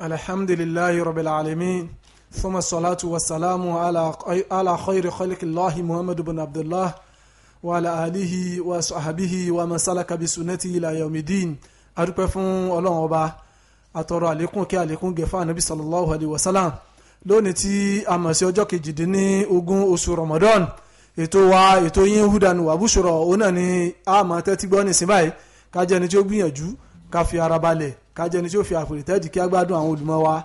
الحمد لله رب العالمين ثم الصلاة والسلام على على خير خلق الله محمد بن عبد الله وعلى آله وصحبه ومن سلك بسنته إلى يوم الدين adúpẹ́ fún ọlọ́run ọba àtọrọ àlékún kí àlékún gẹ̀ fún ànábì sallallahu alayhi wa sallam lónìí tí a mọ̀ sí ọjọ́ kejìdínní ogún oṣù ramadan ètò wa ètò yín húdàánù wàbúṣọrọ òun náà ni a máa tẹ́tí gbọ́ nísìnyí báyìí ká jẹ́ ẹni tí ó gbìyànjú ká fi ara balẹ̀ ká jẹni tí ó fi àpèrè tẹ́ẹ̀dì kí á gbádùn àwọn olùmọ̀ wa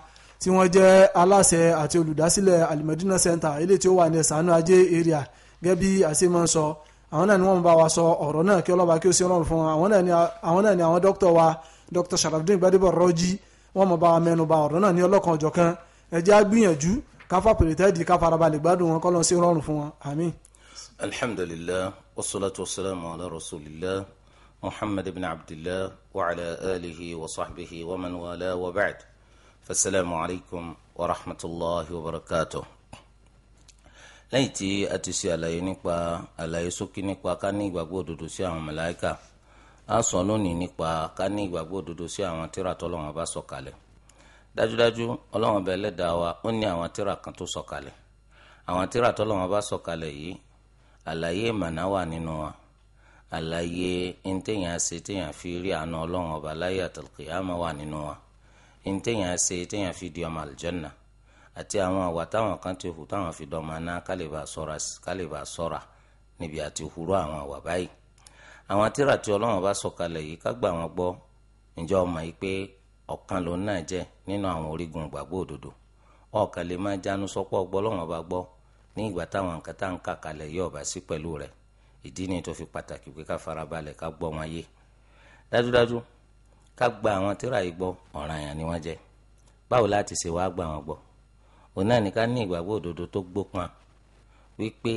tí wọ́n jẹ́ aláṣẹ àti olùdásílẹ̀ alimọ̀dúnà center eléyìí tí ó wà ní ẹ̀sánú ajé area gẹ́gẹ́ àṣemọ́ sọ àwọn náà ni wọ́n bá wa sọ ọ̀rọ̀ náà kí ọlọ́ba kí ó ṣe rọrùn fún wa àwọn náà ni àwọn dókítà wa dr sharafdin gbadebo rọjí wọ́n mọ̀ bá wa mẹ́nu bà ọ̀rọ̀ náà ní ọlọ́kan ọ̀jọ̀kan ẹ jẹ́ á gbìyànjú ká fàpèrè tẹ́ẹ̀dì ká farabalẹ̀ gbádùn wọn kọ́lọ́n ṣe rọrùn fún wa àmín. alhamdulillah wassalatu wassalamu ala rasulillah محمد بن عبد الله وعلى آله وصحبه ومن والاه وبعد فالسلام عليكم ورحمة الله وبركاته lẹ́yìn tí a ti ṣe àlàyé nípa àlàyé ṣókí nípa ká ní ìgbàgbọ́ òdodo sí àwọn màláíkà a sọ lónìí nípa ká ní ìgbàgbọ́ òdodo sí àwọn tírà tọ́lọ́wọ́n bá sọ̀kalẹ̀ dájúdájú ọlọ́wọ́n bẹ lẹ́dàá wa ó ní àwọn tírà kan tó sọ̀kalẹ̀ àwọn tírà tọ́lọ́wọ́n bá sọ̀kalẹ̀ yìí àlàyé ìmọ̀nà wà nínú wa àlàyé ntẹ̀yàn ṣe tẹ̀yàn fi rí àánú ọlọ́run ọba láyé àtàlùkìyàmọ́ wà nínú wa ntẹ̀yàn ṣe tẹ̀yàn fi di ọmọ àlùjànnà àti àwọn àwà táwọn kan ti hù táwọn fi dọ̀mọ́ náà kálíbà sọ́ra níbi àti hurú àwọn àwà báyìí àwọn tíra tí ọlọ́run ọba sọ̀kalẹ̀ yìí ká gbà wọ́n gbọ́ ǹjẹ́ ọmọ yìí pé ọ̀kan lòun náà jẹ́ nínú àwọn orígun ìgbàgbọ́ òdodo ọ̀kan máa jánu sọ́pọ̀ ọgbọ́ ọlọ́run ọba gbọ́ ní ìgbà táwọn nǹkan tá ń kà kalẹ̀ yóò bá sí pẹ̀lú rẹ̀ ìdí ni tó fi pàtàkì pé ká farabalẹ̀ ká gbọ́ wọn yé dájúdájú ká gba àwọn tíra yìí gbọ́ ọ̀ranyàn ni wọ́n jẹ́ báwo láti ṣe wá gbà wọ́n gbọ́ òun náà ní ká ní ìgbàgbọ́ òdodo tó gbópọn wípé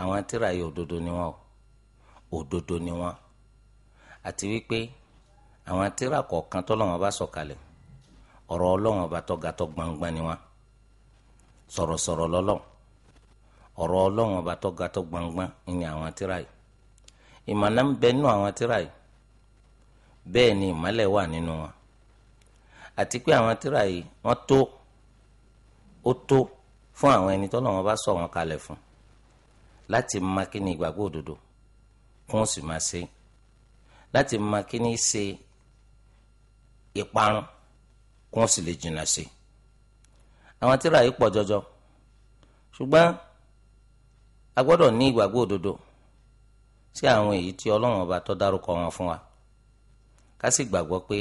àwọn tíra yìí òdodo ni wọ́n òdodo ni wọ́n àti wípé àwọn tíra kọ̀ọ̀kan tọ́lọ́wọ́n bá sọ̀kalẹ̀ ọ̀rọ̀ ọlọ́wọ́n bá tọ́ga tó gbangban ni wọ́n sọ̀rọ̀sọ̀rọ̀ lọ́lọ́wọ́ ọ̀rọ̀ ọlọ́run ọba tó ga tó gbangban ní àwọn tírà yìí ìmọ̀nà ń bẹ nínú àwọn tírà yìí bẹ́ẹ̀ ni ìmọ̀lẹ̀ wà nínú wọn àti pé àwọn tírà yìí wọ́n tó ó tó fún àwọn ẹni tó lọ́wọ́ bá sọ wọn kalẹ̀ fún láti máa kí ni ìgbàgbọ́ òdodo kún sì máa ṣe láti máa kí ni ṣe ìparun kún sì lè jìnnà ṣe àwọn tírà yìí pọ̀ jọjọ ṣùgbọ́n a gbọ́dọ̀ ní ìgbàgbọ́ òdodo sí àwọn èyí tí ọlọ́run ọba tó dárúkọ wọn fún wa ká sì gbàgbọ́ pé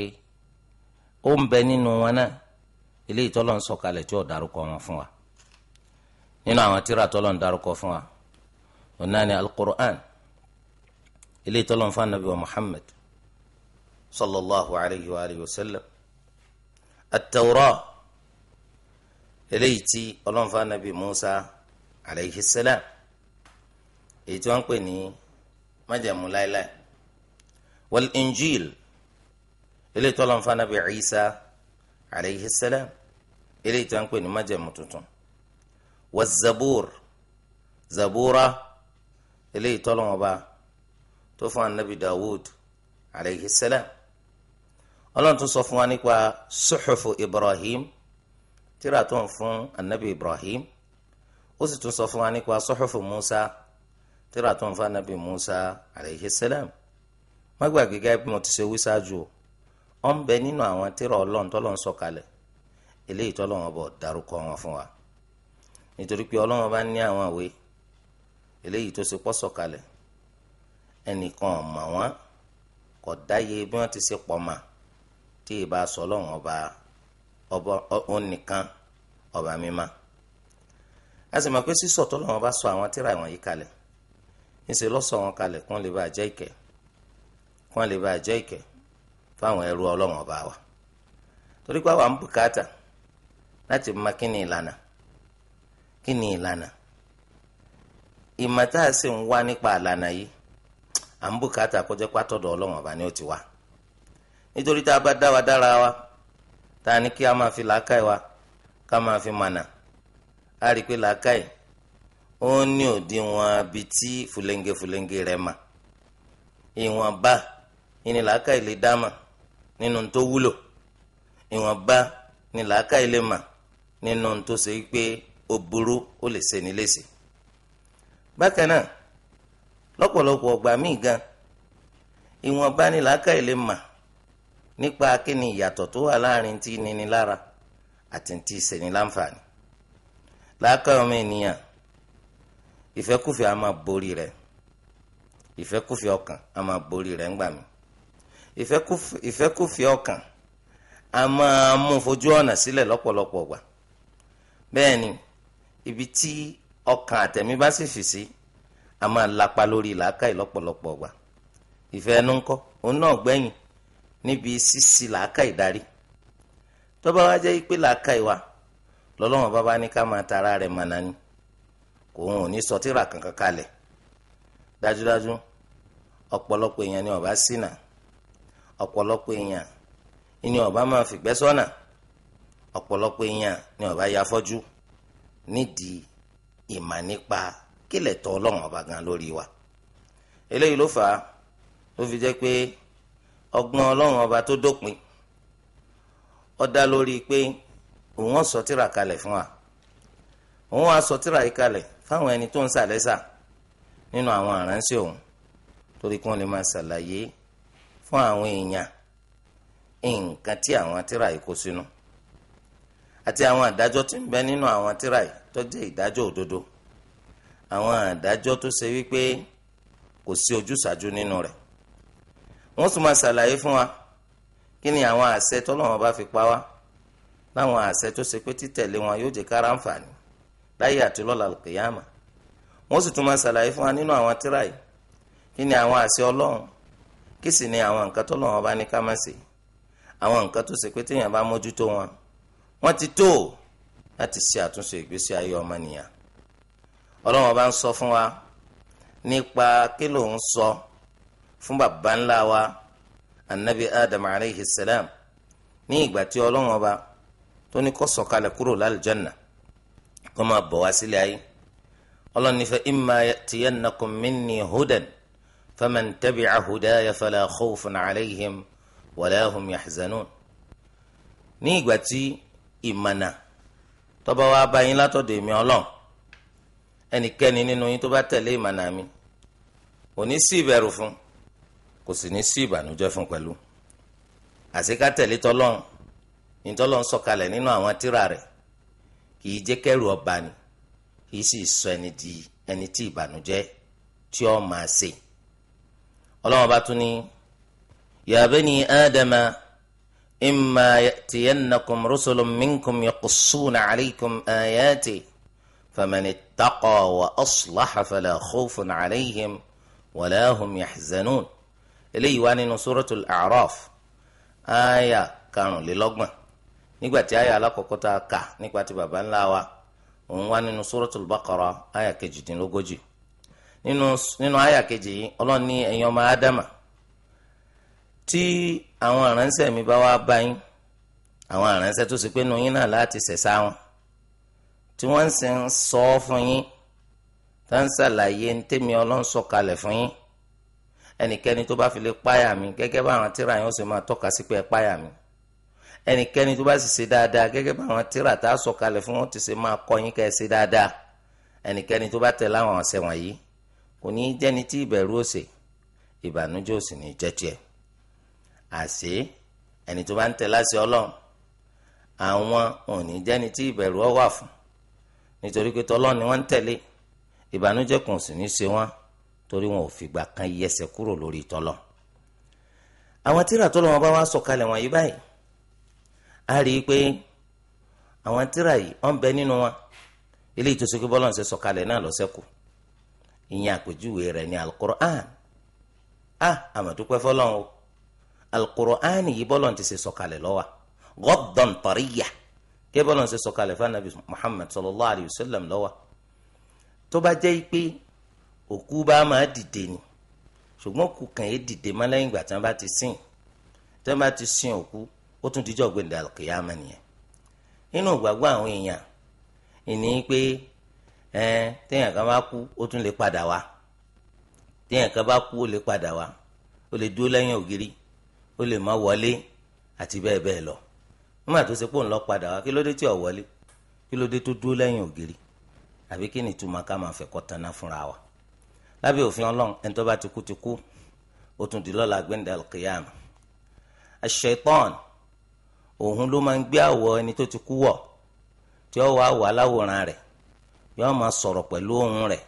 ó ń bẹ nínú wọn náà eléyìí tọ́lọ́run sọ̀kalẹ̀ tí ò dárúkọ wọn fún wa nínú àwọn tíra tọ́lọ́run dárúkọ fún wa òun náà ni alukur'an eléyìí tọ́lọ́run fún anabi wa muhammad sallallahu alayhi wa alayhi wa sallam atawura eléyìí tí ọlọ́run fún musa alayhi salam èyí tí wọ́n ń pè ní májẹ̀mú láéláé wal injil eléyìí tó lọ́n fa nàbí Isa alayhi salam eléyìí tí wọ́n ń pè ní májẹ̀mú tuntun wal zabur zabura eléyìí tó lọ́n ọba tó fún anabi Dawud alayhi salam tún sọ fún wa nípa suhufu Ibrahim tíra tó ń fún anabi Ibrahim ó sì tún sọ fún wa nípa suhufu Musa tíra tó ń fa nàbì Musa alayhi salam má gbàgbé gẹ́gẹ́ bí mo ti ṣe wí ṣáájú o ó ń bẹ nínú àwọn tíra ọlọ́run tọ́lọ́ ń sọ̀kalẹ̀ eléyìí tọ́lọ́ wọn bọ̀ dárúkọ wọn fún wa nítorí pé ọlọ́run bá ní àwọn àwé eléyìí tó ṣe pọ̀ sọ̀kalẹ̀ ẹnìkan ọ̀mà wọn kò dáyé bí wọ́n ti ṣe pọ̀ mà tí ìbá sọ ọlọ́run ọba ọba onìkan ọba mímá a sì mọ̀ pé sísọ̀ tọ́lọ́run bá sọ àwọn tíra ìwọ̀nyí kalẹ̀ ńṣe lọ́sọ̀ wọn kalẹ̀ kí wọ́n lè bá jẹ́ ìkẹ́ kí wọ́n lè bá jẹ́ ìkẹ́ fáwọn ẹrú ọlọ́wọ́n bá wa torí pé àwa ń bùkátà láti mọ kí ni ìlànà kí ni ìlànà ìmọ̀ tá a sì ń wá nípa ìlànà yìí à ń bùkátà kó jẹ́ pátọ́dọ̀ ọlọ́wọ́n bá ní ó ti wá nítorí tá a bá dá wa dára wa tá a ní kí a máa fi làákàyè wa ká máa fi mànà a rí i pé làákàyè ó ní òdiwọ̀n abi tí fúlẹ́ńgẹ fúlẹ́ńgẹ rẹ̀ mà ìwọ̀nba ìní làákàyè lè dámà nínú tó wúlò ìwọ̀nba ní làákàyè lè mà nínú tó ṣe pé ó burú ó lè ṣe ní léṣe. bákan náà lọ́pọ̀lọpọ̀ ọgbà míì gan ìwọ̀nba ní làákàyè lè mà nípa kíni ìyàtọ̀ tó wà láàrin tí nini lára àti tí ṣeni láǹfààní làákàyè ọmọ ènìyàn ìfẹ́kùfẹ́ a máa borí rẹ̀ ìfẹ́kùfẹ́ ọkàn a máa borí rẹ̀ ńgbà mí ìfẹ́kùfẹ́ ọkàn a máa mú fojú ọ̀nà sílẹ̀ lọ́pọ̀lọpọ̀ gbà bẹ́ẹ̀ ni ibi tí ọkàn àtẹ̀mí bá sì fì sí a máa lapa lórí làákàyè lọ́pọ̀lọpọ̀ gbà ìfẹ́ ẹnu ńkọ́ òun náà gbẹ̀yìn níbi sísí làákàyè darí tó bá jẹ́ pé làákàyè wa lọ́lọ́wọ́n bá bá ní ká máa tara rẹ̀ mànà ni. òun ò ní sọ tíra kankan kalẹ̀ dájúdájú ọ̀pọ̀lọpọ̀ èèyàn ni ọba sínà ọ̀pọ̀lọpọ̀ èèyàn ni ọba máa fìgbẹ́ sọ́nà ọ̀pọ̀lọpọ̀ èèyàn ni ọba ya fọ́jú nídìí ìmà nípa kílẹ̀ tọ́ ọlọ́run ọba gan lórí wa eléyìí ló fà á ló fi jẹ́ pé ọba tó dópin dá lórí pé òun tíra kalẹ̀ fún wa òun sọ fáwọn ẹni tó ń sàlẹ́sà nínú àwọn àránṣẹ́ òun torí kí wọ́n lè máa ṣàlàyé fún àwọn èèyàn nǹkan tí àwọn tíra yìí kó sínú àti àwọn àdájọ́ tí ń bẹ nínú àwọn tíra yìí tó jẹ́ ìdájọ́ òdodo àwọn àdájọ́ tó ṣe wípé kò sí ojúsàájú nínú rẹ̀ wọ́n tún máa ṣàlàyé fún wa kí ni àwọn àṣẹ tọ́lọ́wọ́n bá fi pa wá láwọn àṣẹ tó ṣe pé títẹ̀lé wọn yóò jẹ́ kára láyé àti lọ́la kìyàmà wọ́n sì tún máa ṣàlàyé fún wa nínú àwọn tírà yìí kí ni àwọn àṣẹ ọlọ́run kí sì ni àwọn nǹkan tó lọ́wọ́ bá ní ká má ṣe àwọn nǹkan tó ṣe pé téèyàn bá mójútó wọn wọ́n ti tó láti ṣe àtúnṣe ìgbésí ayé ọmọnìyàn ọlọ́run bá ń sọ fún wa nípa kí ló ń sọ fún bàbá ńlá wa anabi adam alayhi salam ní ìgbà tí ọlọ́run ọba tó ní kó sọ̀kalẹ̀ kúrò lálùjánnà. La kó máa bọ̀ wá sílẹ̀ ayé ọlọ́ni fa imma ya'tiyannakum minni hudan faman tabi'a hudaya fala khawfun alayhim wala hum yahzanun. ní ìgbà tí ìmànà tó bá wá bá yín látọ̀dọ̀ èmi ọlọ́run ẹnikẹ́ni nínú yín tó bá tẹ̀lé ìmànà mi kò ní sí ìbẹ̀rù fún kò sì ní sí ìbànújẹ́ fún pẹ̀lú àṣekátẹ̀lé tọ́lọ́run ìtọ́lọ́run sọ̀kalẹ̀ nínú àwọn tírà rẹ̀ kì í jẹ́ kẹ́rù ọba ni kì í sì sọ ẹni di ẹni tí ìbànújẹ́ tí ó máa ṣe ọlọ́wọ́n bá tún ní ya bani adama imma ya'tiyannakum rusulun minkum yaqussuna alaykum ayati faman ittaqa wa aslaha fala khawfun alayhim wala hum eléyìí wá nínú suratul a'raf aya karùnlélọ́gbọ̀n nígbàtí àyà alákọ̀ọ́kọ́ tá a kà nípa ti baba ńlá wa òun wá nínú suratul baqara àyà kejìdínlógójì nínú àyà kejì yìí ọlọ́run ní ẹ̀yin ọmọ ádámà tí àwọn aránṣẹ́ mi bá wá bá yín àwọn aránṣẹ́ tó sì pé nu yín náà láti ṣẹ̀ṣá wọn tí wọ́n ń sìn sọ ọ́ fún yín tá ń ṣàlàyé ń tẹ́mi ọlọ́run sọ kalẹ̀ fún yín ẹnikẹ́ni tó bá fi lè páyà mi gẹ́gẹ́ bá àwọn tíra yín ó sì máa tọ́ka sí pé ẹ páyà mi ẹnikẹ́ni tó bá sì ṣe dáadáa gẹ́gẹ́ bá àwọn tíra tá a sọ̀kalẹ̀ fún wọn ti ṣe máa kọ́ yín ká ẹ ṣe dáadáa ẹnikẹ́ni tó bá tẹ̀ láwọn ọ̀sẹ̀ wọ̀nyí kò ní í jẹ́ni tí ìbẹ̀rù òsè ìbànújẹ́ òsì ní jẹ́ tiẹ̀ àṣé ẹni tó bá ń tẹ̀ láṣẹ ọlọ́run àwọn ò ní jẹ́ni tí ìbẹ̀rù ọ wà fún nítorí pé tọ́lọ́run ni wọ́n ń tẹ̀lé ìbànújẹ́ kùn sì ní ṣe wọ́n torí wọn ò fìgbà kan yẹsẹ̀ kúrò lórí tọ́lọ́ àwọn tíra tọ́lọ́ wọn bá wá sọ̀kalẹ̀ wọ̀nyí báyìí a rí i pé àwọn tíra yìí wọ́n bẹ nínú wọn eléyìí tó ṣe pé bọ́lá ń ṣe sọ̀kalẹ̀ náà lọ́sẹ̀kù ìyẹn àpèjúwe rẹ̀ ní alukur'an a àmọ̀dúpẹ́ fọlọ́n o alukur'an yìí bọ́lá ń ti ṣe sọ̀kalẹ̀ lọ́wọ́ gọ́dọ̀n tọ́ríyà kí bọ́lá ń ṣe sọ̀kalẹ̀ fanabi muhammad sallallahu alayhi wa lọ́wọ́ tó bá jẹ́ pé òkú bá máa dìde ni ṣùgbọ́n òkú kàn é dìde mọ́ lẹ́yìn ìgbà tí wọ́n bá ti sìn tí wọ́n bá ti sìn òkú ó tún dijọ́ gbẹ̀dẹ̀ àlùkìyàmà nìyẹn nínú ìgbàgbọ́ àwọn èèyàn ìní pé ẹn téèyàn kan bá kú ó tún lè padà wá téèyàn kan bá kú ó lè padà wá ó lè dúró lẹ́yìn ògiri ó lè má wọlé àti bẹ́ẹ̀ bẹ́ẹ̀ lọ nígbà tó ṣe pé òun lọ padà wá kí ló dé tí ò wọlé kí ló dé tó dúró lẹ́yìn ògiri àbí kí ni ìtumọ̀ ká máa fẹ́ kọ́ tanná fúnra wa lábẹ́ òfin ọlọ́run ẹni tó bá ti kú ti kú ó tún di lọ́la gbẹ̀ndẹ̀ alqiyam ash-shaytan òun ló máa ń gbé àwọ̀ ẹni tó ti kú wọ̀ tí ó wà wà aláwòrán rẹ̀ yóò máa sọ̀rọ̀ pẹ̀lú ohùn rẹ̀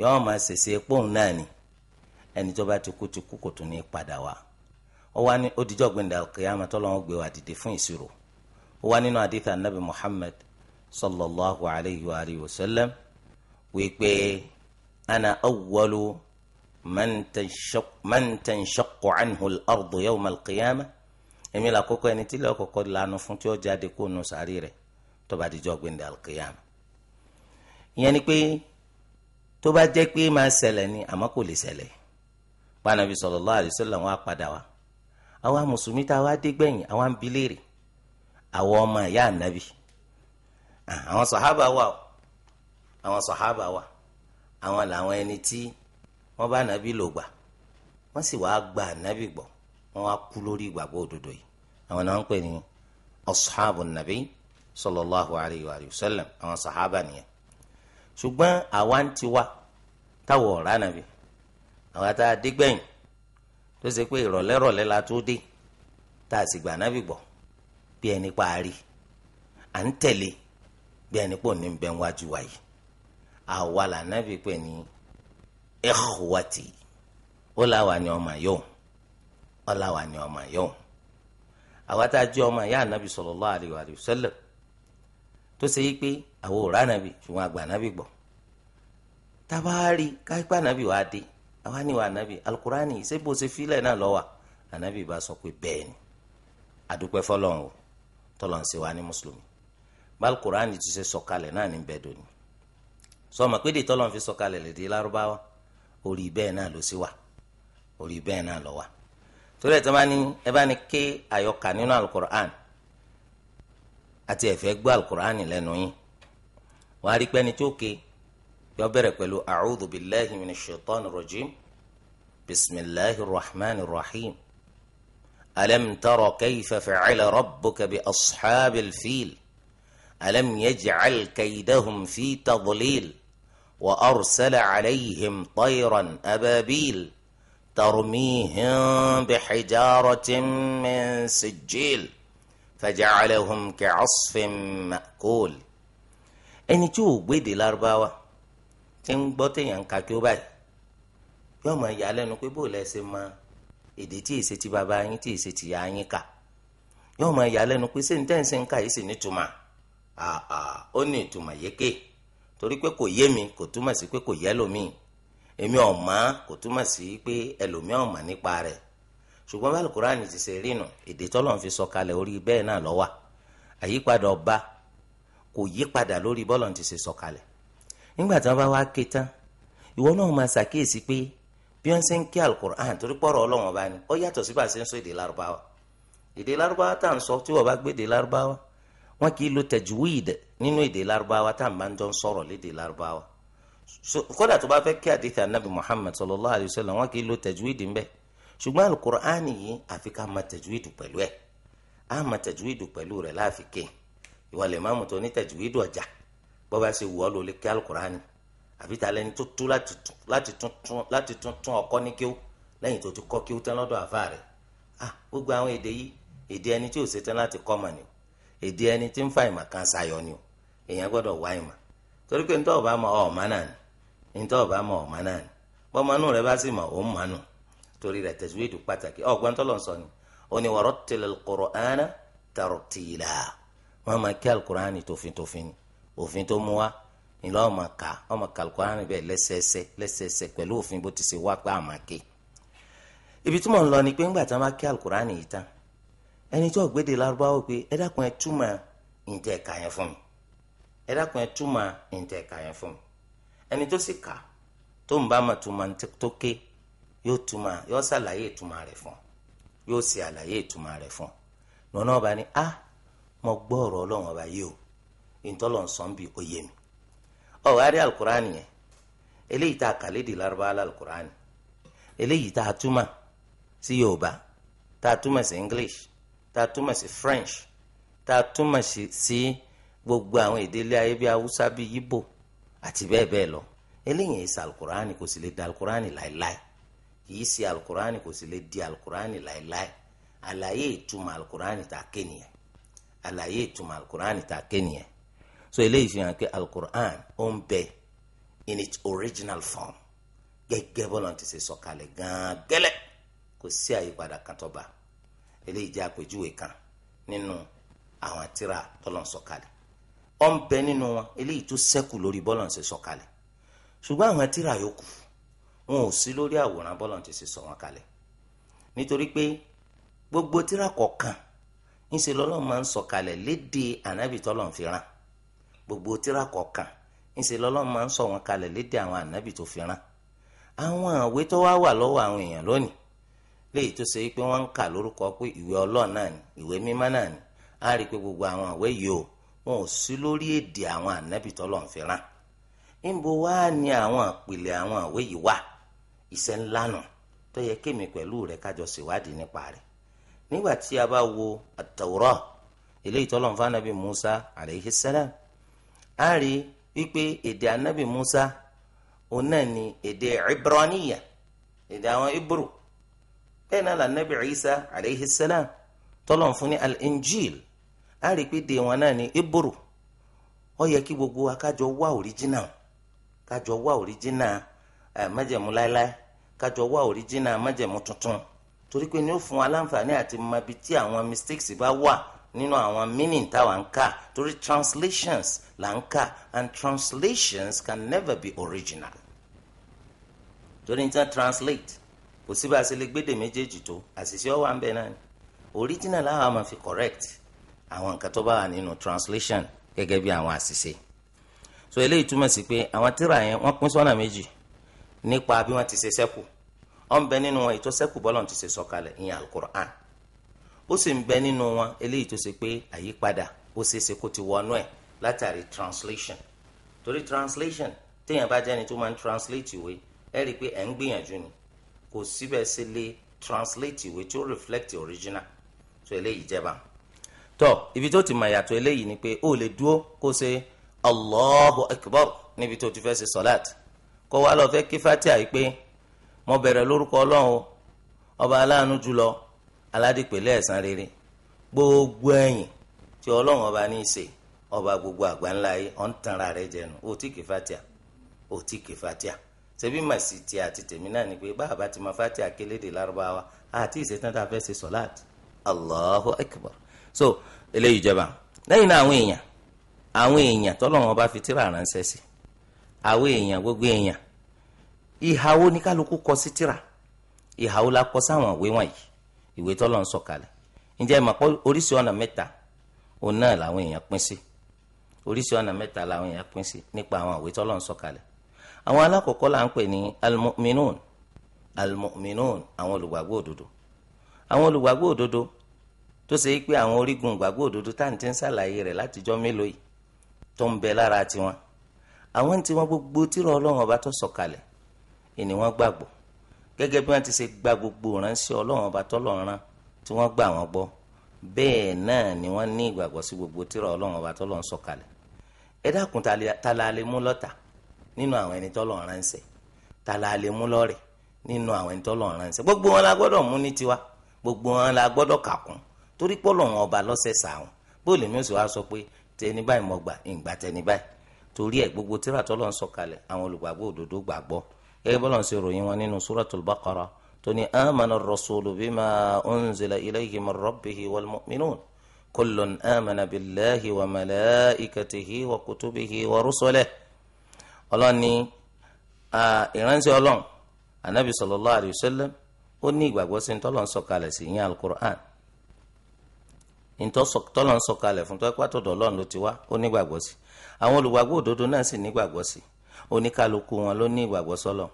yóò máa ṣèṣe póun náà ni ẹni tó bá ti kú ti kú kò tún ní padà wá ó wá ní odijọ́ gbẹ̀ndà kìyàmà tó lọ́wọ́ gbé wa dìde fún ìṣirò ó wá nínú àdìtà nabi Muhammad sallallahu alayhi wa alihi wa sallam wípé ana awwalu man tanshaqqu anhu al-ardu yawma al-qiyamah èmi là kọ́kọ́ ẹni tí ilé ọ̀kọ̀ọ̀kọ̀ lanu fún tí ó jáde kó nu sàárì rẹ̀ tó bá dijọ́ gbẹ̀ndẹ̀ alkiyam ìyẹn ni pé tó bá jẹ́ pé máa ṣẹlẹ̀ ni àmọ́ kò lè ṣẹlẹ̀ pànàbí sallallahu alaihi wasallam wá padà wá àwa mùsùlùmí tá a wá dé gbẹ̀yìn àwa ń bi léèrè àwọn ọmọ ìyá ànábì ah, àwọn sàhábà wà àwọn sàhábà wà àwọn làwọn ẹni tí wọ́n bá ànábì lò gbà wọ́n sì wá gba ànábì gbọ́ wọn á kú lórí ìgbàgbọ́ òdodo yìí àwọn náà ń pè ní ọ̀sáàbù nàbí sallallahu alayhi wa sallam àwọn sàhábà nìyẹn ṣùgbọ́n àwa ń tiwa táwọn ọ̀rá nàbí àwọn tá a dé gbẹ̀yìn tó ṣe pé ìrọ̀lẹ́rọ̀lẹ́ la tó dé tá a sì gbà nábì gbọ́ bí ẹni pa á à ń tẹ̀lé bí ẹni pò ní bẹ́ẹ̀ wájú wa àwa là nábì pè ní ikhwati ó láwa ni ọmọ yòó ọláwa ni ọmọ ìyá òun àwa tá a jẹ́ ọmọ ìyá ànábì sallallahu alaihi wa sallam tó ṣe yí pé àwọn ò rà ànábì ṣùgbọ́n àgbà ànábì gbọ́ tábà rí káípà ànábì wàá dé àwa ni wà ànábì alukurani ṣé bó ṣe fílẹ̀ náà lọ́wọ́ ànábì bá sọ pé bẹ́ẹ̀ ni àdúpẹ́ fọlọ́run o tọ́lọ̀ ń ṣe wá ní mùsùlùmí balukurani ti ṣe sọ̀kalẹ̀ náà ní bẹ́ẹ̀ dòní sọmọ pé dètọ́lọ́ fi sọ̀kalẹ̀ lédè lárúbáwá orí bẹ́ẹ̀ náà ló sì wà orí bẹ́ẹ̀ náà ló torí ẹ tó bá ní ẹ bá ní ké àyọkà nínú alukur'an àti ẹ̀fẹ́ gbọ́ alukur'an lẹ́nu yìí yín á rí pé ẹni tó ké yọ bẹ̀rẹ̀ pẹ̀lú a'udhu billahi minash shaitani rajim bisimilahi rahman rahim alam tara kayfa fa'ala rabbuka bi ashabil fil alam yaj'al kaydahum fi tadlil wa arsala alayhim tayran ababil. ترميهم بحجارة من سجيل فجعلهم كعصف مأكول ẹni tí ò gbéde lárúbáwá tí ń gbọ́ téèyàn ń ka kí ó báyìí yóò máa yà á lẹ́nu pé bóòlù ẹsẹ̀ máa èdè tí èsè ti bàbá yín tí èsè ti yà yín kà yóò máa yà lẹ́nu pé sẹ́ni tẹ́ ń sẹ́ ń kà yìí sì nítumọ̀ àà ó ní ìtumọ̀ yékè torí pé kò yé mi kò túmọ̀ sí pé kò yẹ lómìn èmi ọ̀mà kò túmọ̀ sí pé ẹlòmíà ọ̀mà nípa rẹ̀ ṣùgbọ́n bá alukurani ti ṣe rínu èdè tọ́lọ̀ fi sọ kalẹ̀ orí bẹ́ẹ̀ náà lọ́wà àyípadà ọba kò yípadà lórí bọ́lọ̀ ti ṣe sọ kalẹ̀ nígbà tí wọ́n bá wá ké tán ìwọ náà máa ṣàkíyèsí pé bí wọ́n ṣe ń kí alukurani torí pọ̀rọ̀ ọlọ́wọ́n bá ní yàtọ̀ sí bá a ṣe ń sọ èdè èdè tá kódà tó bá fẹ́ kí àdìsí anabi muhammed sallallahu alayhi wa sallam wọn kì í lo tajwidi ńbẹ ṣùgbọ́n alukur'ani yìí àfi ká ma tajwidi pẹ̀lú ẹ̀ á ma tajwidi pẹ̀lú rẹ̀ láàfi ké ìwà lè máàmù tó ní tajwidi ọjà bó bá ṣe wù ọ́ ló lè kí alukur'ani àbí ta lẹni tó tú láti tuntun ọkọ ní kí ó lẹ́yìn tó ti kọ́ kí ó tán lọ́dọ̀ àfa rẹ̀ à ah, gbogbo àwọn èdè yìí èdè ẹni tí ò ṣetán láti kọ́ mọ̀ ni èdè ẹni tí ń fa ìmọ̀ kan ṣayọ ni o èèyàn gbọ́dọ̀ wá ìmọ̀ torí pé ọba ma ọ̀ọ́mà náà ni ntọ́ ọba mọ ọ̀ọ́mà náà rẹ bá sì mọ ọ mmanụ torí rẹ pàtàkì ni òní wọ̀rọ̀ tẹ̀lẹ̀ kọ̀rọ̀ánà tartila wọ́n máa kí alukóraani tófin òfin tó mú wa ìlú ọmọ ká ọmọ ká alukóraani ibi tí ń lọ ni pé ńgbà tí bá kí alukóraani yìí tán ẹ dákun ẹ túmọ̀ nǹtẹ̀ kà yẹn fún mi ẹni tó sì kà tó ń bá mà túmọ̀ tó ké yóò túmọ̀ yóò ṣàlàyé ìtumọ̀ rẹ̀ fún yóò ṣe àlàyé ìtumọ̀ rẹ̀ fún lọ́nà ọba ni a mo gbọ́ ọ̀rọ̀ ọlọ́run ọba yìí o ìtọ́lọ̀ ń sọ bí òye mi ọ̀wá rí alukur'ani yẹn eléyìí tá a kà lédè lárúbá alukur'ani eléyìí tá a túmọ̀ sí yorùbá tá a túmọ̀ sí english tá a túmọ̀ sí french tá a túmọ̀ sí. Si, gbogbo àwọn ìdílé ayé bíi haúsá bíi yíbò àti bẹ́ẹ̀ bẹ́ẹ̀ lọ eléyìí ẹ̀sà alukurani kò sì lè di alukurani láéláé kìí ṣe alukurani kò sì lè di alukurani láéláé àlàyé ìtumọ̀ alukurani ta kéènìyàn àlàyé ìtumọ̀ alukurani ta kéènìyàn so eléyìí fi hàn pé alukurani ó ń bẹ in its original form gẹ́gẹ́ bọ́lá ti ṣe sọ̀kalẹ̀ gan-an gẹ́lẹ́ kò sí àyípadà kan tó bá eléyìí jẹ́ àpèjúwe kan nínú àwọn tírà tọ́lọ́ sọ̀kalẹ̀ ó ń bẹ nínú wọn eléyìí tó ṣẹ́kù lórí bọ́lọ̀ ṣe sọ kalẹ̀ ṣùgbọ́n àwọn tíra yòókù wọn ò sí lórí àwòrán bọ́lọ̀ ti ṣe sọ wọn kalẹ̀ nítorí pé gbogbo tíra kọ̀ọ̀kan ńṣe lọ́lọ́run máa ń sọ kalẹ̀ léde ànábì tọ́lọ̀ ń fi rán gbogbo tíra kọ̀ọ̀kan ńṣe lọ́lọ́run máa ń sọ wọn kalẹ̀ léde àwọn ànábì tó fi rán àwọn àwé tó wá wà lọ́wọ́ àwọn èèyàn lónìí léyìí tó ṣe pé wọ́n ń kà lórúkọ pé ìwé ọlọ́ọ̀ náà ni ìwé mímọ́ náà ni á rí i pé gbogbo àwọn àwé yìí o wọn ò sí lórí èdè àwọn ànábì tọ́lọ́run fi rán níbo wá ni àwọn àpìlẹ̀ àwọn àwé yìí wà iṣẹ́ ńlá nù tó yẹ kémi pẹ̀lú rẹ̀ kájọ ṣèwádìí nípa rẹ̀ nígbà tí a bá wo àtàwùrọ̀ eléyìí tọ́lọ́run fún ànábì Musa alayhi salam a rí wípé èdè ànábì Musa òun náà ni èdè Ibraniya èdè àwọn Ibru bẹ́ẹ̀ náà lànàbì Isa alayhi salam tọ́lọ́run fún ní al-Injil á rí i pé de wọn náà ní eboro ó yẹ kí gbogbo wa kájọ wá òríjìnà kájọ wá òríjìnà májẹ̀mú láéláé kájọ wá òríjìnà májẹ̀mú tuntun torí pé ní ó fún wa láǹfààní àti mọ tí àwọn mistakes bá wà nínú àwọn meaning táwa ń kà torí translations là ń kà and translations can never be original torí níta translate kò sí bá a ṣe lè gbédè méjèèjì tó àṣìṣe ọwọ́ à ń bẹ náà original làwọn máa fi correct àwọn nǹkan tó bá wà nínú translation gẹ́gẹ́ bí àwọn àṣìṣe so eléyìí túmọ̀ sí pé àwọn tíra yẹn wọ́n pín sọ́nà méjì nípa bí wọ́n ti ṣe sẹ́kù ó ń bẹ nínú wọn èyí tó sẹ́kù bọ́lọ̀ ti ṣe sọ̀kalẹ̀ ìyẹn alukur'an ó sì ń bẹ nínú wọn eléyìí tó ṣe pé àyípadà ó ṣe é ṣe kó ti wọnú ẹ̀ látàrí translation torí translation téèyàn bá jẹ́ni tó máa ń translate ìwé ẹ rí i pé ẹ̀ ń gbìyànjú ni kò síbẹ̀ sí lè translate ìwé tó reflect original tó eléyìí jẹba. So, tọ ibi tó ti mọ ìyàtọ̀ eléyìí ni pé ó lè dúró kó ṣe allahu akbar níbi tó ti fẹ́ ṣe sọ́láàtì kó wá lọ fẹ́ kí fatia yìí pé mo bẹ̀rẹ̀ lórúkọ ọlọ́run ọba aláàánú jùlọ aládìpẹ̀lẹ́ ẹ̀san rere gbogbo ẹ̀yìn tí ọlọ́run ọba ní í ṣe ọba gbogbo àgbáńlá yìí ọ̀n tanra rẹ̀ jẹnu ó ti kí fatia ó ti kí fatia ṣebí màsí ti àti tèmi náà ni pé báàbá ti ma fatia kéléde lárúbáwá àti ìṣètàn tá a fẹ́ ṣe sọ́láàtì allahu akbar so eléyìí jọba lẹ́yìn náà àwọn èèyàn àwọn èèyàn tọ́lọ́wọ́n bá fi tíra ránṣẹ́ sí àwọn èèyàn gbogbo èèyàn ìhàwó ní kálukú kọ sí tíra ìhàwó la kọ sáwọn ìwé wọ̀nyí ìwé tọ́lọ́wọ́n sọ̀kalẹ̀ ǹjẹ́ ìmọ̀ pé oríṣi ọ̀nà mẹ́ta òun náà làwọn èèyàn pín sí oríṣi ọ̀nà mẹ́ta làwọn èèyàn pín sí nípa àwọn ìwé tọ́lọ́wọ́n sọ̀kalẹ̀ àwọn alákọ̀ọ́kọ́ là ń pè ní almu'minun almu'minun àwọn olùgbàgbọ́ òdodo àwọn olùgbàgbọ́ òdodo tó ṣe é pé àwọn orígun ìgbàgbọ́ òdodo táǹtí ń ṣàlàyé rẹ̀ látijọ́ mélòó yìí tó ń bẹ lára tiwọn àwọn tí wọn gbogbo tírà ọlọ́run ọba tó sọ̀kalẹ̀ ìní wọn gbàgbọ́ gẹ́gẹ́ bí wọ́n ti ṣe gba gbogbo ránṣẹ́ ọlọ́run ọba tó lọ́ọ̀rán tí wọ́n gbà wọ́n gbọ́ bẹ́ẹ̀ náà ni wọ́n ní ìgbàgbọ́ sí gbogbo tírà ọlọ́run ọba tó lọ́ọ̀rán sọ̀kalẹ̀ ẹ dákun ta la lè mú lọ́tà nínú àwọn ẹni tó lọ́ọ̀rán ránṣẹ́ ta lè mú lọ́rẹ̀ nínú àwọn ẹni tó lọ́ọ̀rán ránṣẹ́ gbogbo wọn la gbọ́dọ̀ mú ní tiwa gbogbo wọn la gbọ́dọ̀ kà torí pé Ọlọ́run ọba lọ́sẹ̀ sàwọn bóòlù mi ò sì wá sọ pé tẹni báyìí mọ̀ gbà ìgbà tẹni báyìí torí ẹ̀ gbogbo tíra tọ́lọ́ ń sọ̀kalẹ̀ àwọn olùgbàgbọ́ òdodo gbàgbọ́ gẹ́gẹ́ bọ́lá ń ṣe ròyìn wọn nínú Suratul Baqara tó ní amana ar-rasulu bima unzila ilayhi min rabbihi wal mu'minun kullun amana billahi wa malaikatihi wa kutubihi wa rusulihi ọlọ́ni ìránṣẹ́ ọlọ́run anabi sallallahu alayhi wa ó ní ìgbàgbọ́ sí ń tọ́lọ́ ń sọ̀kalẹ̀ sí ìyẹn al ntọ́lọ́ ń sọ̀kalẹ̀ fún tọ́pẹ́ pàtọ́dọ̀ ọlọ́run ló ti wá ó nígbàgbọ́ sí àwọn olùgbàgbọ́ òdodo náà sì nígbàgbọ́ sí oníkálukú wọn ló ní ìgbàgbọ́ sọ́lọ̀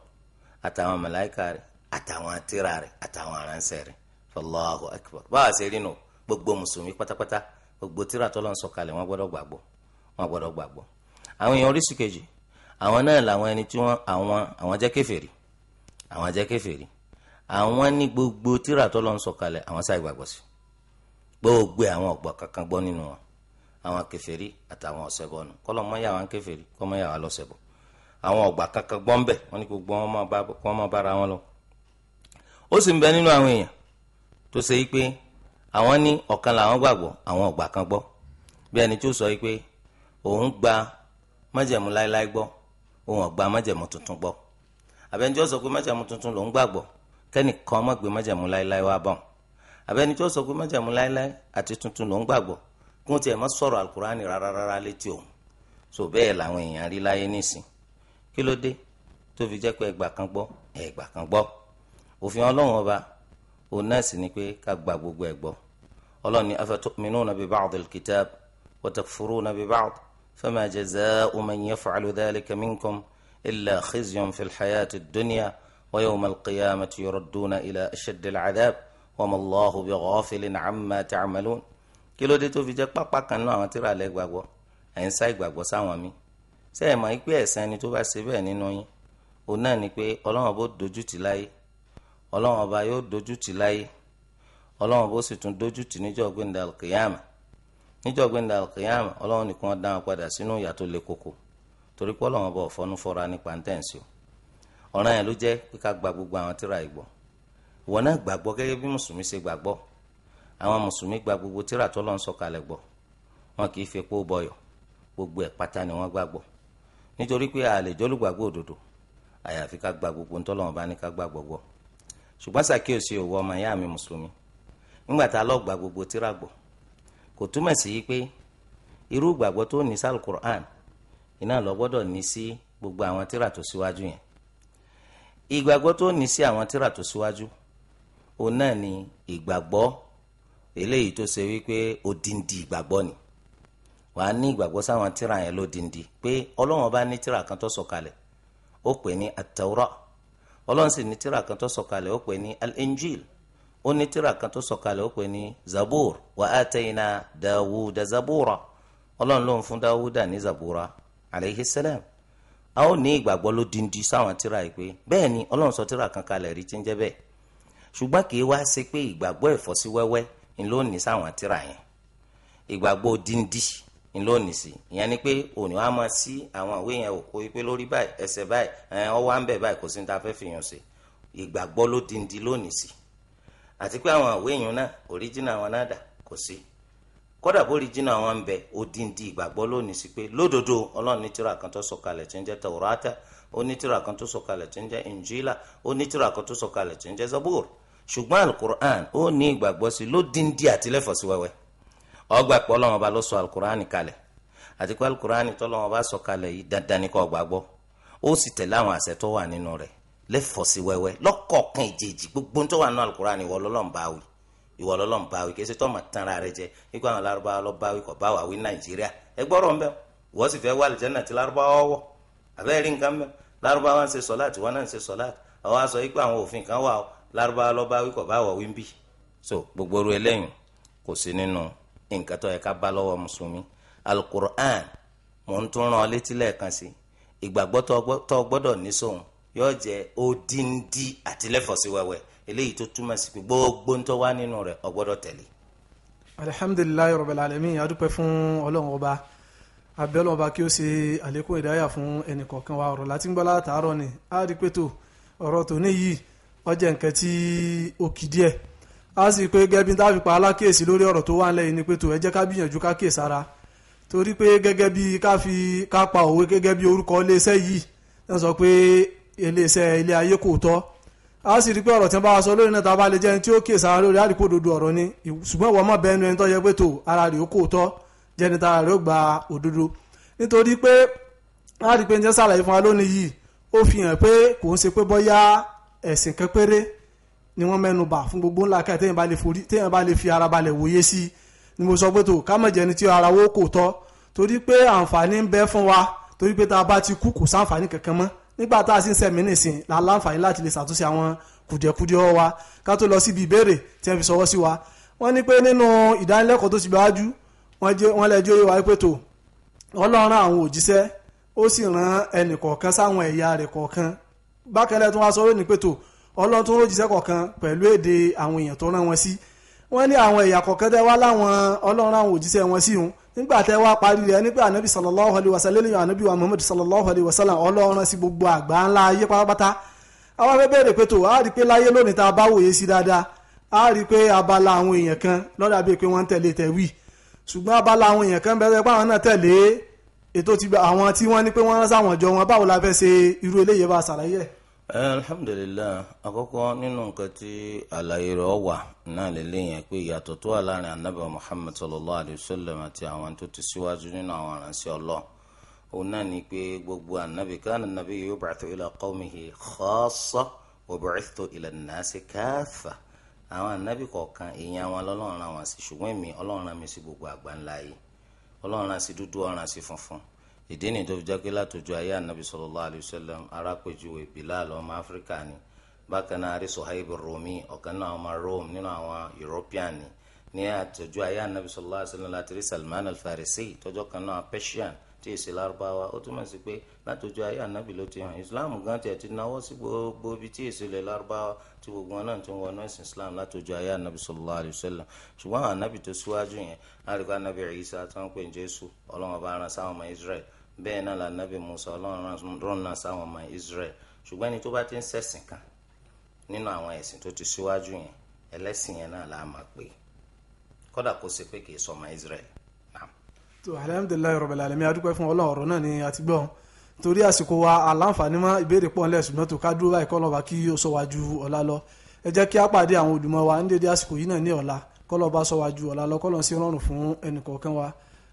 àtàwọn màláíkà rẹ̀ àtàwọn àtìrà rẹ̀ àtàwọn aránṣẹ́ rẹ̀ Allahu akbar báwa ṣe rí nu gbogbo mùsùlùmí pátápátá gbogbo tírà tọ́lọ́ ń sọ̀kalẹ̀ wọn gbọ́dọ̀ gbàgbọ́ wọn gbọ́dọ̀ gbàgbọ́ àwọn èèyàn oríṣi kejì àwọn náà làwọn ẹni tí wọn àwọn àwọn jẹ́ kèfèrí àwọn jẹ́ kèfèrí àwọn ní gbogbo tírà tọ́lọ́ sọ̀kalẹ̀ àwọn sáà ìgbàgbọ́ sí gbogbo àwọn ọ̀gbà kankan gbọ́ nínú wọn àwọn kèfèrí àtàwọn ọ̀sẹ̀bọnù kọ́lọ́mọ yà wọn kèfèrí kọ́mọ yà wọn lọ́sẹ̀bọ̀ àwọn ọ̀gbà kankan gbọ́ ń bẹ̀ wọ́n ní gbogbo wọn máa bára wọn lọ. ó sì ń bẹ nínú àwọn èèyàn tó ṣe pé àwọn ní ọ̀kan làwọn gbàgbọ́ àwọn ọ̀gbà kan gbọ́ bí ẹni tó sọ pé òun gba májẹ̀mú láéláé gbọ́ òun ọ̀gbà májẹ̀mú tuntun gbọ́ àbẹ̀njọ́ sọ pé májẹ̀mú tuntun lòún gbàgbọ́ kẹ́nìkan má gbé májẹ̀mú láéláé wá báwọn abẹ́ni tí ó sọ pé májàmú láéláé àti tuntun ló ń gbàgbọ́ kó tiẹ̀ má sọ̀rọ̀ alukurani rárá rárá létí òun so bẹ́ẹ̀ làwọn èèyàn rí láyé nísìn kí ló dé tó fi jẹ́ pé ẹgbà kan gbọ́ ẹgbà kan gbọ́ òfin ọlọ́run ọba òun náà sì ni pé ká gba gbogbo ẹ̀ gbọ́ ọlọ́run ni afatu'minuna bi ba'dil kitab wa takfuruna bi ba'd fama jaza'u man yaf'alu dhalika minkum illa khizyun fil hayati dunya wa yawmal ila ashaddil adhab wa ma Allahu bi ghafilin amma ta'malun kí ló dé tó fi jẹ́ pápá kan náà àwọn tíra lẹ́ gbàgbọ́ ẹ̀ ń sá ìgbàgbọ́ sáwọn mi ṣé ẹ̀ mọ̀ pé ẹ̀san ẹni tó bá ṣe bẹ́ẹ̀ nínú yín òun náà ni pé ọlọ́wọ́n bó dojú tì láyé ọlọ́wọ́n ọba yóò dojú tì láyé ọlọ́wọ́n bó sì tún dojú tì níjọ́ gbẹ̀ndà níjọ́ gbẹ̀ndà ọlọ́wọ́n wọn náà gbàgbọ́ gẹ́gẹ́ bí mùsùlùmí ṣe gbàgbọ́ àwọn mùsùlùmí gba gbogbo tíra tó lọ́n sọ̀kalẹ̀ gbọ́ wọn kì í fi epo bọyọ̀ gbogbo ẹ̀ pátá ni wọ́n gbàgbọ́ nítorí pé a lè jólúgbàgbọ́ òdodo àyàfi ká gba gbogbo ń tọ́lọ́wọ́n bá ní ká gbàgbọ́ gbọ́ ṣùgbọ́n ṣàkíyèsí òwò ọmọ ìyá mi mùsùlùmí nígbà tá a lọ gba gbogbo tíra gbọ́ kò túmọ̀ sí pé irú gbàgbọ́ tó ní sal Qur'an iná lọ gbọ́dọ̀ ní sí gbogbo àwọn tíra tó síwájú yẹn ìgbàgbọ́ tó ní sí àwọn tíra tó síwájú òun náà ni ìgbàgbọ́ eléyìí tó ṣe wípé odindi ìgbàgbọ́ ni wàá ní ìgbàgbọ́ sáwọn tíra yẹn lódindi pé ọlọ́run bá ní tíra kan tó sọ̀kalẹ̀ ó pè ní at-Tawrah sì ní tíra kan tó sọ̀kalẹ̀ ó pè ní al ó ní tíra kan tó sọ̀kalẹ̀ wa Dawuda zabura ló Dawuda ní zabura alayhi salam a ó ní ìgbàgbọ́ lódindi sáwọn tíra yìí pé bẹ́ẹ̀ ni sọ tíra kan kalẹ̀ ṣùgbọ́n kì í wá ṣe pé ìgbàgbọ́ ìfọ́síwẹ́wẹ́ ń ló sáwọn tíra yẹn ìgbàgbọ́ díndín ń ló sí ìyẹn ni pé òní wàá máa sí àwọn ìwé yẹn ò kó wípé lórí báyìí ẹsẹ̀ báyìí ọwọ́ à ń bẹ̀ báyìí kò sí ní ta fẹ́ fi yàn ṣe ìgbàgbọ́ ló díndín ló ní sí àti pé àwọn ìwé yẹn náà òríjìnà àwọn náà dà kò sí kódà bó ríjìnà àwọn ń bẹ odindi ìgbàgbọ́ ló ní sí pé lódodo ọlọ́run ní tíra kan tó sọ̀kalẹ̀ tó ń jẹ́ Taurata Injila ó ní tíra kan ṣùgbọ́n alukur'an ó ní ìgbàgbọ́ sí lódìndí àti lẹ́fọ̀sí wẹ́wẹ́ ọgbà pé Ọlọ́run Ọba ló sọ alukur'an kalẹ̀ àti pé alukur'an tọ́lọ́run Ọba sọ kalẹ̀ yìí dandan ní kó gbàgbọ́ ó sì tẹ̀lé àwọn àṣẹ tó wà nínú rẹ̀ lẹ́fọ̀sí wẹ́wẹ́ lọ́kọ̀ọ̀kan ìjèjì gbogbo tó wà nínú alukur'an ìwọ lọ́lọ́run bá wí ìwọ lọ́lọ́run bá wí kì í ṣe tọ́mọ̀ tán ara rẹ jẹ ikú àwọn Lárúbáwá lọ́ bá wí kọ̀ bá wà wí Nàìjíríà ẹ gbọ́rọ̀ mbẹ́ wọ́n sì fẹ́ wà ikú àwọn òfin kan wà ó lárúbáwá lọ́ba wí kọ̀ bá so gbogbo ru eléyìn kò sí nínú nǹkan tó yẹ ká bá lọ́wọ́ mùsùlùmí alukur'an mò ń tún rán ọ létí lẹ́ẹ̀kan sí ìgbàgbọ́ tó gbọ́dọ̀ ní sóhun yóò jẹ́ odindi àtìlẹ́fọ̀sí wẹ́wẹ́ eléyìí tó túmọ̀ sí pé gbogbo ń tọ́ wá nínú rẹ̀ ọ gbọ́dọ̀ tẹ̀lé. alihamdulilayi rabbil alamin a dúpẹ́ fún ọba abẹ́lẹ̀ ọba kí ó ṣe àlékún ìdáyà fún ẹnìkọ̀ọ̀kan wa ọ̀rọ̀ láti ń ni a rí tòní yìí ó jẹ́ nǹkan tí ó kì díẹ̀ a sì pé gẹ́gẹ́ bí táfi pa alákèésí lórí ọ̀rọ̀ tó wà ń lẹ́yìn ni pé tó ẹ jẹ́ ká gbìyànjú ká kè sára torí pé gẹ́gẹ́ bí ká fi ká pa òwe gẹ́gẹ́ bí orúkọ iléeṣẹ́ yìí ẹ sọ pé iléeṣẹ́ ilé ayé kò tọ́ a sì rí pé ọ̀rọ̀ tí wọ́n bá wa sọ lórí náà tá a bá lè jẹ́ ẹni tí ó kè sára lórí àdìpọ̀ ọ̀rọ̀ ni ṣùgbọ́n ìwọ mọ̀ bẹ́ẹ̀ nu ẹni tó yẹ pé tó ara rẹ̀ ó kò tọ́ jẹ́ni tára rẹ̀ ó gba òdodo nítorí pé a rí pé ní sàlàyé fún wa lónìí yìí ó fi hàn pé kò ń ṣe pé bọ́yá ẹ̀sìn kan péré ni wọ́n mẹ́nu bà fún gbogbo ńlá ká téèyàn bá lè forí téèyàn bá lè fi ara balẹ̀ wòye sí i ni mo sọ pé tó ká mọ̀ jẹ́ ni tí ara wo kò tọ́ torí pé àǹfààní ń bẹ fún wa torí pé tá a bá ti kú kò sáǹfààní kankan mọ́ nígbà tá a sì ń sẹ̀mí nìsín la láǹfààní láti lè ṣàtúnṣe àwọn kùdìẹ̀kudiẹ wa ká tó lọ síbi ìbéèrè tí wọ́n fi sọwọ́ sí wa wọ́n ní pé nínú ìdánilẹ́kọ̀ọ́ tó ti gbájú wọ́n lẹ́jọ́ yóò wáyé pé tó ọlọ́run àwọn òjíṣẹ́ ó bákẹ́lẹ́ tó wá sọ yóò ní pẹ̀tọ́ ọlọ́run tó ròjìṣẹ́ kọ̀ọ̀kan pẹ̀lú èdè àwọn èèyàn tó rán wọn sí wọ́n ní àwọn ẹ̀yà kọ̀ọ̀kan tẹ́ wá láwọn ọlọ́run àwọn òjíṣẹ́ wọn sí òun nígbà tẹ́ wá parí rẹ̀ nígbà anabi sallallahu alayhi wa sallam lẹ́yìn anabi wa muhammad sallallahu alayhi wa sallam ọlọ́run sí gbogbo àgbà ńlá ayé pátápátá àwọn afẹ́ bẹ̀rẹ̀ pé tó a rí pé láyé lónìí tá bá wòye sí dáadáa a rí pé abala àwọn èèyàn kan lọ́dà bíi pé wọ́n ń tẹ̀lé tẹ̀wì ṣùgbọ́n abala àwọn èèyàn kan bẹ̀rẹ̀ pé àwọn náà tẹ̀lé ètò àwọn tí wọ́n ní pé wọ́n rán sáwọn ọjọ́ wọn báwo la fẹ́ ṣe irú eléyìí bá ṣàlàyé ẹ̀ Eh, alhamdulilayi àkọ́kọ́ nínú nǹkan tí àlàyé rẹ̀ wà náà lélẹyìn pé ìyàtọ̀ tó wà láàrin anabi muhammed sallallahu alayhi wa sallam àti àwọn tó ti síwájú nínú àwọn aránṣẹ́ Ọlọ́run òun náà ni pé gbogbo anabi kan anabi yub'athu ila qawmihi khassa wa bu'ithtu ila an-nasi kaffa àwọn anabi kọ̀ọ̀kan èèyàn àwọn Ọlọ́run rán wọn sí ṣùgbọ́n èmi Ọlọ́run rán sí gbogbo àgbáńlá yìí Ọlọ́run rán sí dúdú ìdí ni tó fi jẹ́ pé látòjú ayé anabi sallallahu alayhi wa sallam arápèjúwe Bilal ọmọ Áfíríkà ni bákan náà rí Suhaib Rumi ọ̀kan náà ọmọ Rome nínú àwọn European ni ní àtòjú ayé anabi sallallahu alayhi wa sallam láti rí Salman al-Farisi tọjọ́ kan náà Persian tí èsì lárúbáwá ó túmọ̀ sí pé látòjú ayé ànábì ló ti hàn islam gan tiẹ̀ ti náwó sí gbogbo ibi tí èsì lè lárúbáwá tí gbogbo wọn náà ti wọ ọ̀nà ìsìn islam látòjú ayé ànábì sallallahu alaihi ṣùgbọ́n àwọn tó síwájú yẹn láti kó ànábì Ìsá tó ń jésù ọlọ́wọ́n bá ọmọ israel bẹ́ẹ̀ náà lànàbì Musa ọlọ́run rọ́nà sáwọn ọmọ Israel ṣùgbọ́n ẹni tó bá ti ń ṣẹ̀sìn kan nínú àwọn ẹ̀sìn tó ti síwájú yẹn ẹlẹ́sìn yẹn náà làá máa pè kódà kó ṣe pé kì í sọmọ Israel. tó alhamdulilayi rabbil alamin adúpẹ́ fún ọlọ́run ọ̀rọ̀ náà ni àti gbọ́n torí àsìkò wa aláǹfààní mọ́ ìbéèrè pọ̀ ńlẹ̀ ṣùgbọ́n tó ká dúró báyìí kọ́lọ́ba kí ó sọ wá ọ̀la lọ ẹ jẹ́ kí á pàdé àwọn olùmọ̀ wa ní dédé àsìkò yìí náà ní ọ̀la kọ́lọ́ba sọ wá ju ọ̀la lọ kọ́lọ́ sí ọlọ́run fún ẹnìkọ̀ọ̀kan wa